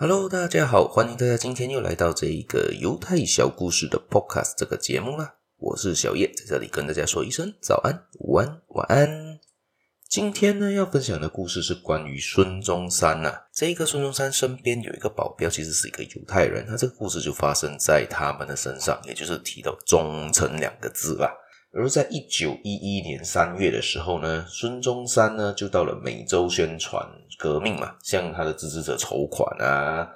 哈嘍，大家好，歡迎大家今天又來到這一個猶太小故事的 Podcast 這個節目啦，我是小葉，在這裡跟大家說一聲早安、午安、晚安。今天呢，要分享的故事是關於孫中山吶、啊。這個孫中山身邊有一個保鏢，其實是一個猶太人。那這個故事就發生在他們的身上，也就是提到忠誠兩個字吧。而在一九一一年三月的時候呢，孫中山呢就到了美洲宣傳革命嘛，向他的支持者籌款啊，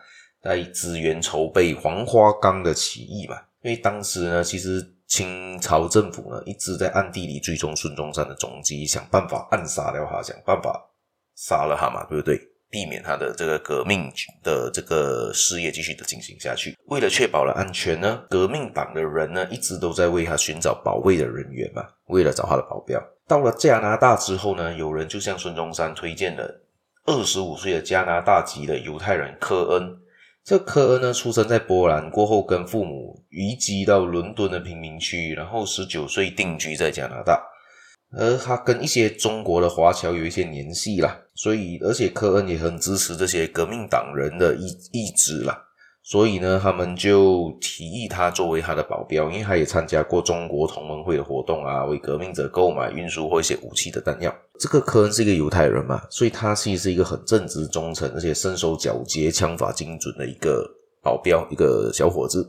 在資源籌備黃花崗的起義嘛。因為當時呢，其實清朝政府呢一直在暗地裡追蹤孫中山的蹤跡，想辦法暗殺掉他，想辦法殺了他嘛，對不對？避免他的這個革命的這個事業繼續的進行下去。為了確保了安全呢，革命黨的人呢一直都在為他尋找保衛的人員嘛。為了找他的保鏢，到了加拿大之後呢，有人就向孫中山推薦了二十五歲的加拿大籍的猶太人科恩。這科恩呢，出生在波蘭，過後跟父母移居到倫敦的貧民區，然後十九歲定居在加拿大。而他跟一些中國的華僑有一些聯繫啦，所以而且科恩也很支持這些革命黨人的意，意志啦，所以呢，他們就提議他作為他的保鏢，因為他也參加過中國同盟會的活動啊，為革命者購買、運輸或一些武器的彈藥。這個科恩是一個猶太人嘛，所以他其實是一個很正直、忠誠，而且身手矯捷、槍法精準的一個保鏢，一個小伙子。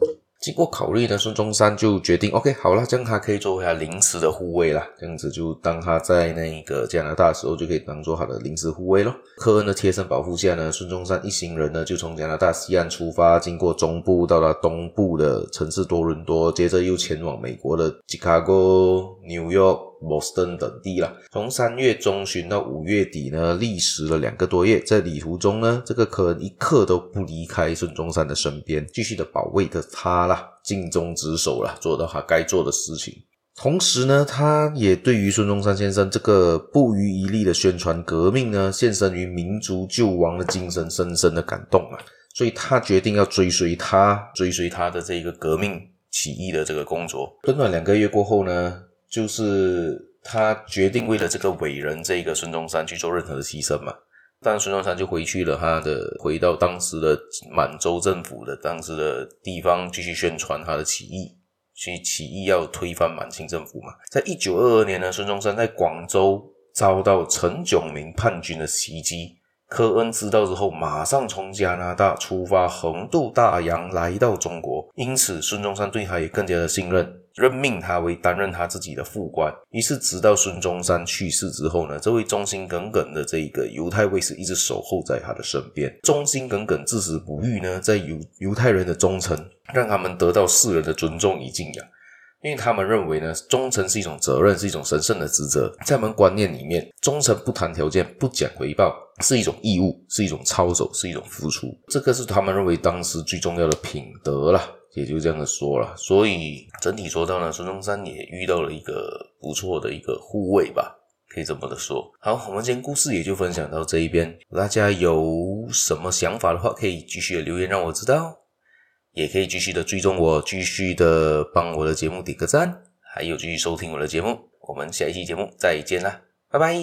經過考慮呢，孫中山就決定，OK，好了，這樣他可以作為他臨時的護衛啦，這樣子就當他在那個加拿大的時候，就可以當做他的臨時護衛咯。科恩的貼身保護下呢，孫中山一行人呢，就從加拿大西岸出發，經過中部到達東部的城市多倫多，接着又前往美國的 Chicago New York、Boston 等地啦。從三月中旬到五月底呢，歷時了兩個多月。在旅途中呢，這個客人一刻都不離開孫中山的身邊，繼續的保衛着他啦，盡忠職守啦，做到他該做的事情。同時呢，他也對於孫中山先生這個不遺餘力的宣傳革命呢，獻身於民族救亡的精神，深深的感動啊。所以，他決定要追隨他，追隨他的這個革命起義的這個工作。短短兩個月過後呢。就是他決定為了這個偉人，這個孫中山去做任何的犧牲嘛。但孫中山就回去了，他的回到當時的滿洲政府的當時的地方，繼續宣傳他的起義，去起義要推翻滿清政府嘛。在1922年呢，孫中山在廣州遭到陳炯明叛軍的襲擊。科恩知道之後，馬上從加拿大出發，橫渡大洋來到中國。因此，孫中山對他也更加的信任，任命他為擔任他自己的副官。於是，直到孫中山去世之後呢，這位忠心耿耿的這個猶太衛士一直守候在他的身邊，忠心耿耿至死不渝呢，在猶猶太人的忠誠，讓他們得到世人的尊重與敬仰。因為他們認為呢，忠誠是一種責任，是一種神聖的職責。在我們觀念裡面，忠誠不談條件，不講回報，是一種義務，是一種操守，是一種付出。這個是他們認為當時最重要的品德啦。也就這樣子說了。所以整體說到呢，孫中山也遇到了一個不錯的一個護衛吧，可以這麼的說。好，我們今天故事也就分享到這一邊。大家有什麼想法的話，可以繼續留言讓我知道。也可以繼續的追蹤我，繼續的幫我的節目點個讚，還有繼續收聽我的節目。我們下一期節目再見啦，拜拜。